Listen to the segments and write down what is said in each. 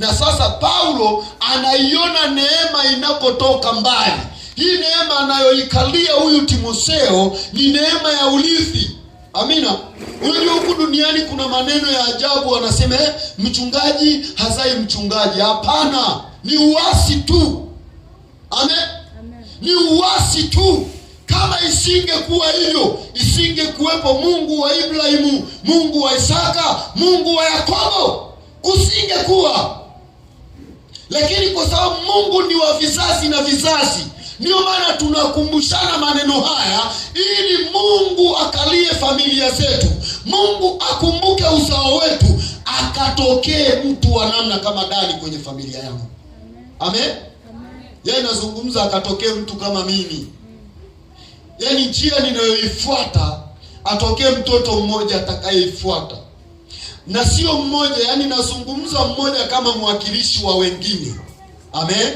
Na sasa Paulo anaiona neema inapotoka mbali. Hii neema anayoikalia huyu Timotheo ni neema ya ulithi Amina. Unajua, huku duniani kuna maneno ya ajabu, wanasema eh, mchungaji hazai mchungaji. Hapana, ni uasi tu. Amen. Amen. Ni uasi tu. Kama isingekuwa hivyo, isingekuwepo Mungu wa Ibrahimu, Mungu wa Isaka, Mungu wa Yakobo, kusingekuwa lakini kwa sababu Mungu ni wa vizazi na vizazi, ndiyo maana tunakumbushana maneno haya ili Mungu akalie familia zetu, Mungu akumbuke uzao wetu, akatokee mtu wa namna kama Dani kwenye familia yangu. Amen. Yeye yaani nazungumza, akatokee mtu kama mimi, yaani njia ninayoifuata atokee mtoto mmoja atakayeifuata na sio mmoja, yani nazungumza mmoja kama mwakilishi wa wengine. Amen.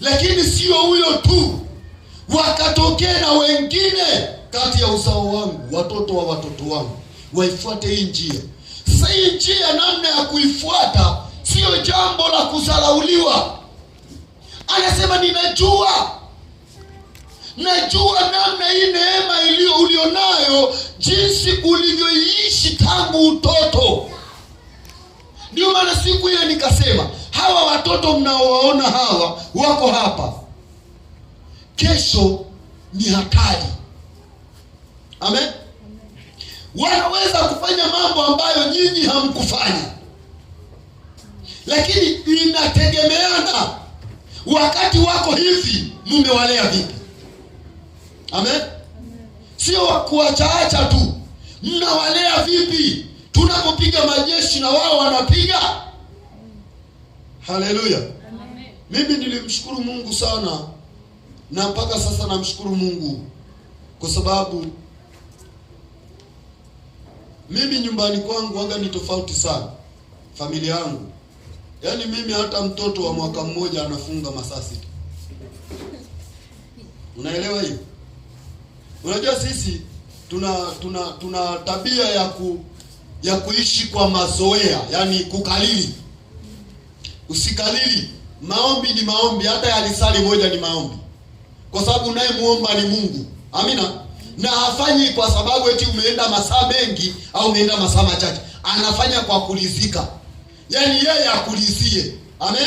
Lakini sio huyo tu, wakatokea na wengine kati ya uzao wangu, watoto wa watoto wangu, waifuate hii njia. Sasa hii njia, namna ya kuifuata sio jambo la kuzalauliwa. Anasema ninajua najua namna hii neema iliyo ulionayo jinsi ulivyoiishi tangu utoto ndio maana siku ile nikasema hawa watoto mnaowaona hawa wako hapa kesho ni hatari amen wanaweza kufanya mambo ambayo nyinyi hamkufanya lakini inategemeana wakati wako hivi mumewalea vipi Amen. Sio wakuachaacha tu, mnawalea vipi? Tunapopiga majeshi na wao wanapiga. Haleluya. Mimi nilimshukuru Mungu sana na mpaka sasa namshukuru Mungu kwa sababu mimi nyumbani kwangu anga ni tofauti sana, familia yangu. Yaani mimi hata mtoto wa mwaka mmoja anafunga masaa sita, unaelewa hiyo? Unajua sisi tuna tuna tuna tabia ya ku ya kuishi kwa mazoea, yani kukalili. Usikalili. Maombi ni maombi, hata yalisali moja ni maombi, kwa sababu naye muomba ni Mungu. Amina. Na hafanyi kwa sababu eti umeenda masaa mengi au umeenda masaa machache, anafanya kwa kulizika, yani yeye akulizie. Amen.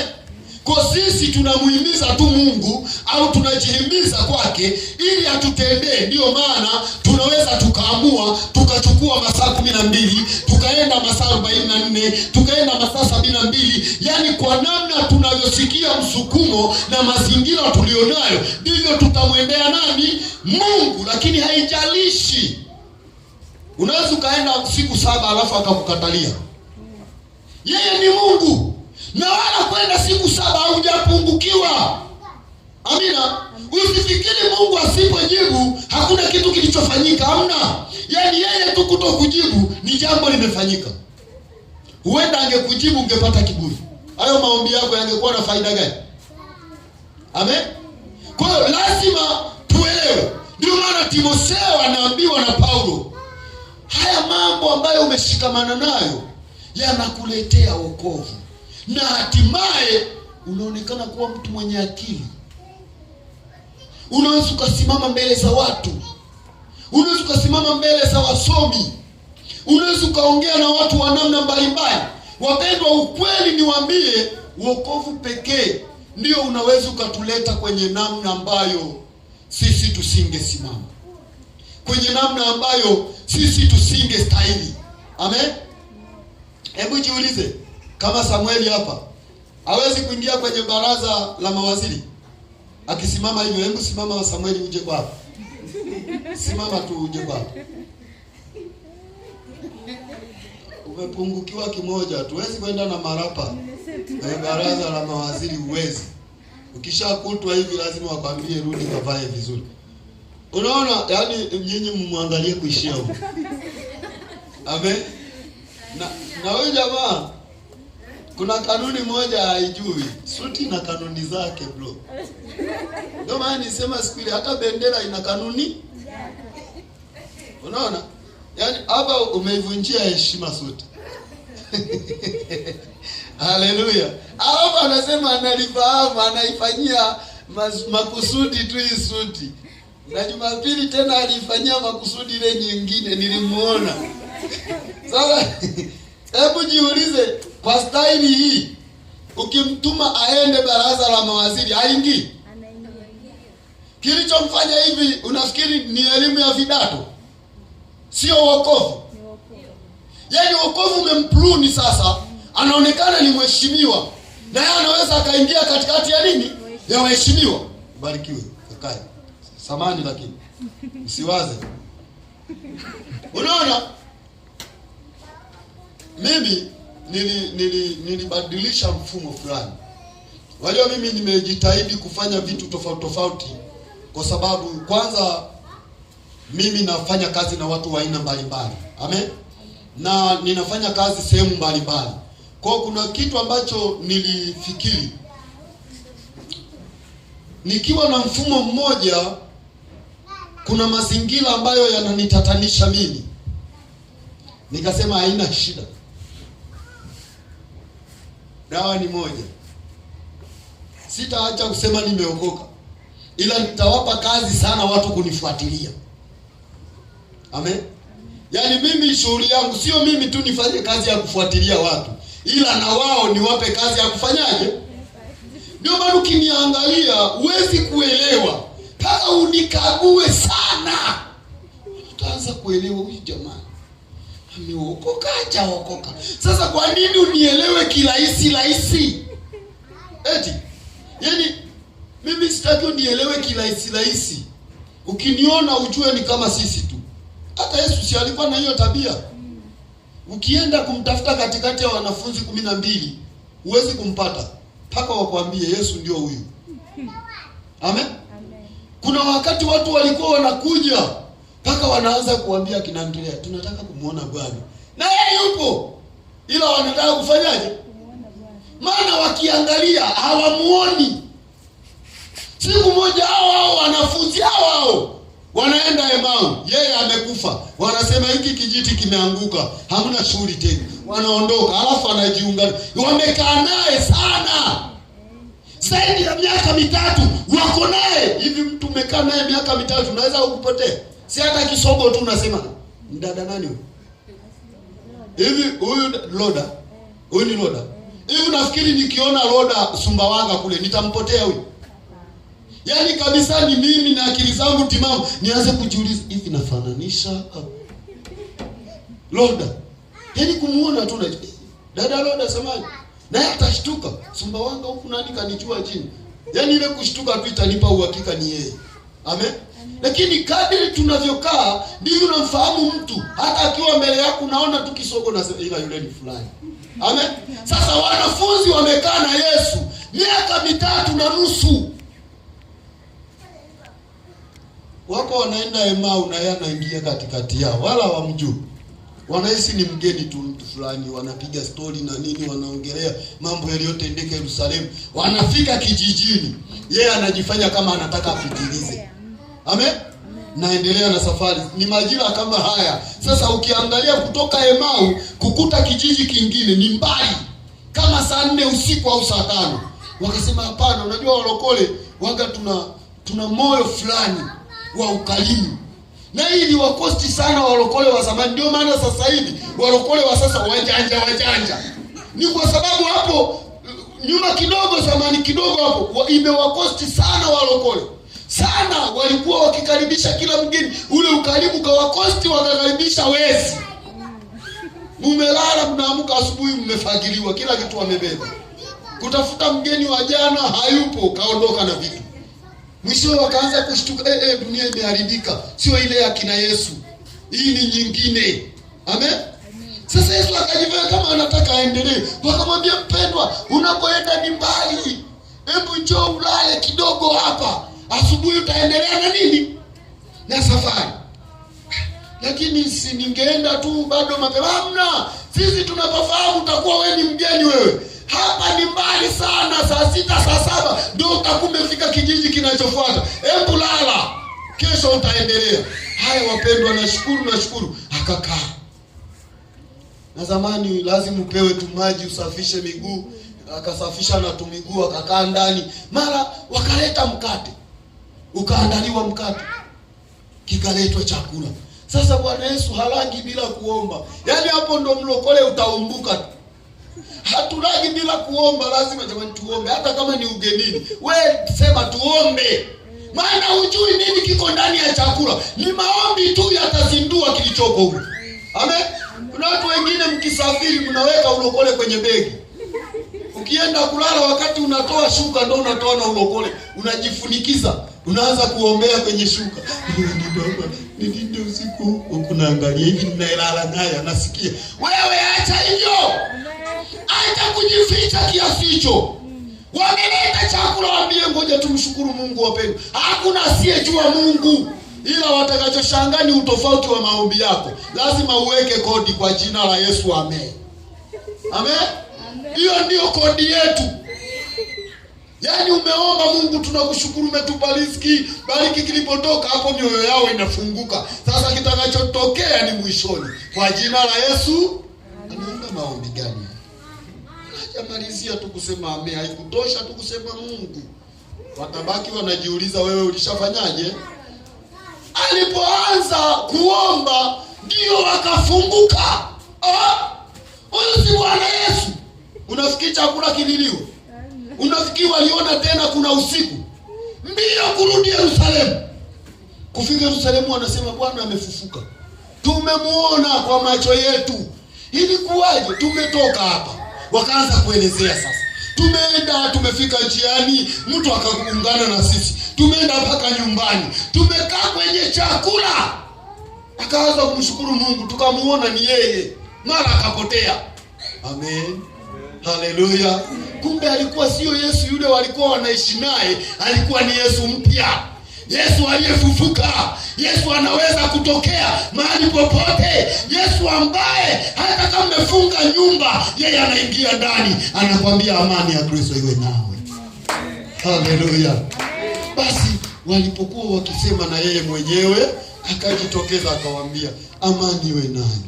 Kwa sisi tunamuhimiza tu Mungu au tunajihimiza kwake ili atutendee. Ndiyo maana tunaweza tukaamua tukachukua masaa kumi na mbili tukaenda masaa arobaini na nne tukaenda masaa sabini na mbili yaani kwa namna tunavyosikia msukumo na mazingira tulionayo ndivyo tutamwendea nani? Mungu. Lakini haijalishi, unaweza ukaenda siku saba alafu akakukatalia. Yeye ni Mungu na wala kwenda siku saba haujapungukiwa. Amina. Usifikiri Mungu asipojibu hakuna kitu kilichofanyika. amna yaani yeye tu kuto kujibu ni jambo limefanyika. Huenda angekujibu ungepata kiburi, hayo maombi yako yangekuwa na faida gani? Amen. kwahiyo lazima tuelewe, ndio maana Timotheo anaambiwa na Paulo, haya mambo ambayo umeshikamana nayo yanakuletea wokovu na hatimaye unaonekana kuwa mtu mwenye akili. Unaweza ukasimama mbele za watu, unaweza ukasimama mbele za wasomi, unaweza ukaongea na watu wa namna mbalimbali. Wapendwa, ukweli niwaambie, wokovu pekee ndio unaweza ukatuleta kwenye namna ambayo sisi tusingesimama, kwenye namna ambayo sisi tusingestahili. Amen, hebu jiulize kama Samueli hapa hawezi kuingia kwenye baraza la mawaziri akisimama hivyo. Hebu simama wa Samueli, uje kwa hapa, simama tu uje kwa hapa. Umepungukiwa kimoja tu, huwezi kwenda na marapa kwenye baraza la mawaziri, uwezi. Ukishakutwa hivi, lazima wakwambie rudi, kavae vizuri. Unaona, yani nyinyi mmwangalie kuishia huko. Amen. Na na huyu jamaa kuna kanuni moja haijui, suti na kanuni zake bro. Ndio maana nisema siku ile hata bendera ina kanuni. Unaona? Yaani hapa umeivunjia heshima suti. Haleluya. Hapa anasema analifahamu, anaifanyia makusudi tu hii suti. Na Jumapili tena alifanyia makusudi ile nyingine nilimuona. Sasa hebu jiulize kwa staili hii ukimtuma aende baraza la mawaziri aingi Kilichomfanya hivi unafikiri ni elimu ya vidato? Sio wokovu. Yaani wokovu umempluni sasa, anaonekana ni mheshimiwa na yeye anaweza akaingia katikati ya nini ya waheshimiwa. Barikiwe kakai samani lakini usiwaze. Unaona mimi nili- nili- nilibadilisha mfumo fulani. Wajua, mimi nimejitahidi kufanya vitu tofauti tofauti, kwa sababu kwanza mimi nafanya kazi na watu wa aina mbalimbali, amen, na ninafanya kazi sehemu mbalimbali. Kwa hiyo kuna kitu ambacho nilifikiri nikiwa na mfumo mmoja, kuna mazingira ambayo yananitatanisha mimi, nikasema haina shida dawa ni moja. Sitaacha kusema nimeokoka, ila nitawapa kazi sana watu kunifuatilia. Amen. Yaani mimi shughuli yangu sio mimi tu nifanye kazi ya kufuatilia watu, ila na wao niwape kazi ya kufanyaje. Ndio maana ukiniangalia huwezi kuelewa mpaka unikague sana, utaanza kuelewa huyu jamani Ameokoka hajaokoka. Sasa kwa nini unielewe kirahisi rahisi? Eti yaani mimi sitaki unielewe kirahisi rahisi. Ukiniona ujue ni kama sisi tu. Hata Yesu si alikuwa na hiyo tabia. Ukienda kumtafuta katikati ya wanafunzi kumi na mbili huwezi kumpata mpaka wakwambie Yesu ndio huyu. Amen? Amen. Kuna wakati watu walikuwa wanakuja mpaka wanaanza kuambia kinamtolea, tunataka kumwona Bwana na yeye yupo, ila wanataka kufanyaje? Maana wakiangalia hawamuoni. Siku moja hao hao wanafunzi hao hao wanaenda Emau, yeye amekufa. Wanasema hiki kijiti kimeanguka, hamna shughuli tena, wanaondoka. Alafu anajiunga, wamekaa naye sana zaidi ya miaka mitatu, wako naye hivi. Mtu umekaa naye miaka mitatu, unaweza kukupotea Si hata kisogo tu unasema mdada nani hivi? Huyu loda huyu ni loda hivi? Nafikiri nikiona loda Sumbawanga kule nitampotea huyu? Yaani kabisa ni mimi na akili zangu timamu nianze kujiuliza hivi nafananisha loda? Yaani kumuona tu na dada loda samani naye atashtuka, Sumbawanga huku nani kanijua chini. Yaani ile kushtuka tu itanipa uhakika ni yeye. Amen lakini kadiri tunavyokaa ndivyo unamfahamu mtu, hata akiwa mbele yako unaona tu kisogo na ila yule ni fulani. Amen. Sasa wanafunzi wamekaa na Yesu miaka mitatu na nusu, wako wanaenda Emau na yeye anaingia katikati yao, wala wamju wanahisi ni mgeni tu mtu fulani, wanapiga stori na nini, wanaongelea mambo yaliyotendeka Yerusalemu. Wanafika kijijini, yeye anajifanya kama anataka apitilize Amen. Naendelea na safari, ni majira kama haya sasa. Ukiangalia kutoka Emau kukuta kijiji kingine ni mbali kama saa nne usiku au saa tano. Wakasema hapana, unajua walokole waga tuna tuna moyo fulani wa ukarimu, na hii ni wakosti sana walokole wa zamani. Ndio maana sasa hivi walokole wa sasa wajanja wajanja, ni kwa sababu hapo nyuma kidogo, zamani kidogo hapo, imewakosti sana walokole sana walikuwa wakikaribisha kila mgeni, ule ukarimu kawakosti, wakakaribisha wezi. Mumelala, mnaamka asubuhi, mmefagiliwa, kila kitu wamebeba. Kutafuta mgeni wa jana hayupo, kaondoka na vitu. Mwisho wakaanza kushtuka, eh, eh, dunia imeharibika, sio ile ya kina Yesu, hii ni nyingine. Amen. Sasa Yesu akajivaa kama anataka aendelee, wakamwambia mpendwa, unakoenda ni mbali, hebu njoo ulale kidogo hapa asubuhi utaendelea na nini na safari. Lakini si ningeenda tu bado mapema? sisi tunapofahamu utakuwa wewe ni mgeni, wewe hapa ni mbali sana, saa sita saa saba ndio utakuwa kijiji kinachofuata. Hebu lala, kesho utaendelea. Haya wapendwa, nashukuru nashukuru. Akakaa na zamani, lazima upewe tu maji usafishe miguu, akasafisha na miguu, akakaa ndani, mara wakaleta mkate ukaandaliwa mkate, kikaletwa chakula. Sasa Bwana Yesu halangi bila kuomba, yaani hapo ndo mlokole utaumbuka tu. Hatulagi bila kuomba, lazima jamani, tuombe. Hata kama ni ugenini, we sema tuombe, maana hujui nini kiko ndani ya chakula. Ni maombi tu yatazindua kilichoko huko. Amen. Kuna watu wengine mkisafiri, mnaweka ulokole kwenye begi, ukienda kulala, wakati unatoa shuka ndo unatoa na ulokole, unajifunikiza unaanza kuombea kwenye shuka nilinde usiku huko, naangalia hivi ninaelala naye anasikia. Wewe acha hivyo, acha kujificha kiaficho Wameleta chakula, waambie ngoja tumshukuru Mungu. Wapendwa, hakuna asiyejua Mungu, ila watakachoshangaa ni utofauti wa maombi yako. Lazima uweke kodi kwa jina la Yesu. Amen, amen. Hiyo ndio kodi yetu. Yaani umeomba Mungu, tunakushukuru, umetupa riziki, bariki kilipotoka. Hapo mioyo yao inafunguka. Sasa kitakachotokea ni mwishoni. Kwa jina la Yesu. Anaomba maombi gani? Hajamalizia tu kusema ame, haikutosha tu kusema Mungu. Watabaki wanajiuliza wewe ulishafanyaje? Alipoanza kuomba ndio wakafunguka. Ah, huyu si Bwana Yesu. Unafikiri chakula kililiwa? unafikiri waliona tena kuna usiku? Mbio kurudi Yerusalemu. Kufika Yerusalemu, wanasema Bwana amefufuka, tumemuona kwa macho yetu. Ilikuwaje? Tumetoka hapa, wakaanza kuelezea sasa tumeenda tumefika njiani, mtu akaungana na sisi, tumeenda mpaka nyumbani, tumekaa kwenye chakula, akaanza kumshukuru Mungu, tukamuona ni yeye, mara akapotea. Amen, haleluya kumbe alikuwa sio Yesu yule walikuwa wanaishi naye, alikuwa ni Yesu mpya, Yesu aliyefufuka, Yesu anaweza kutokea mahali popote, Yesu ambaye hata kama umefunga nyumba, yeye anaingia ndani, anakwambia amani ya Kristo iwe nawe. Haleluya! Basi walipokuwa wakisema, na yeye mwenyewe akajitokeza akawaambia, amani iwe nani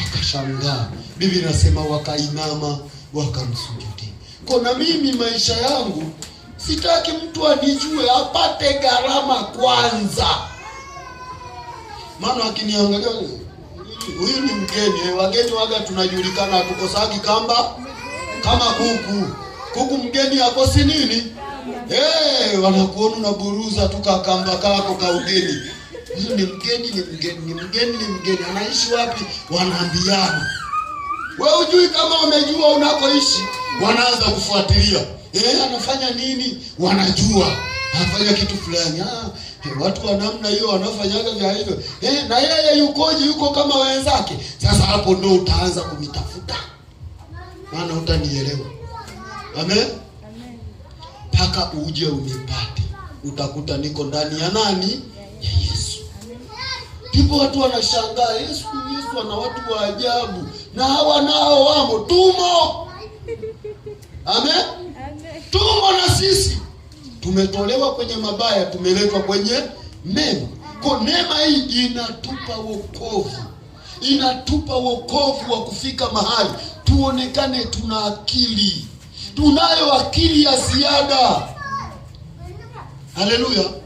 Wakashangaa. bibi nasema wakainama, wakamsujudia niko na mimi maisha yangu sitaki mtu anijue, apate gharama kwanza, maana akiniangalia huyu ni mgeni. Eh, wageni waga tunajulikana, hatukosagi kamba kama kuku. Kuku mgeni akosi nini? Hey, eh, wanakuona unaburuza tu kakamba kako ka ugeni huyu ni mgeni, ni mgeni, ni mgeni, ni mgeni. Anaishi wapi? Wanaambiana. Wewe hujui kama umejua unakoishi wanaanza kufuatilia eh, anafanya nini? Wanajua anafanya kitu fulani. Ah, eh, watu wa namna hiyo wanafanyaga vya hivyo eh, na yeye yukoje? Yuko kama wenzake. Sasa hapo ndio utaanza kumitafuta, maana utanielewa. Amen, mpaka uje unipate, utakuta niko ndani ya nani? Ya Yesu. Ndipo watu wanashangaa, Yesu Yesu ana watu wa ajabu, na hawa nao wamo tumo Amen. tumo na sisi tumetolewa kwenye mabaya, tumeletwa kwenye mema. Kwa neema hii inatupa wokovu, inatupa wokovu wa kufika mahali tuonekane tuna akili, tunayo akili ya ziada. Haleluya.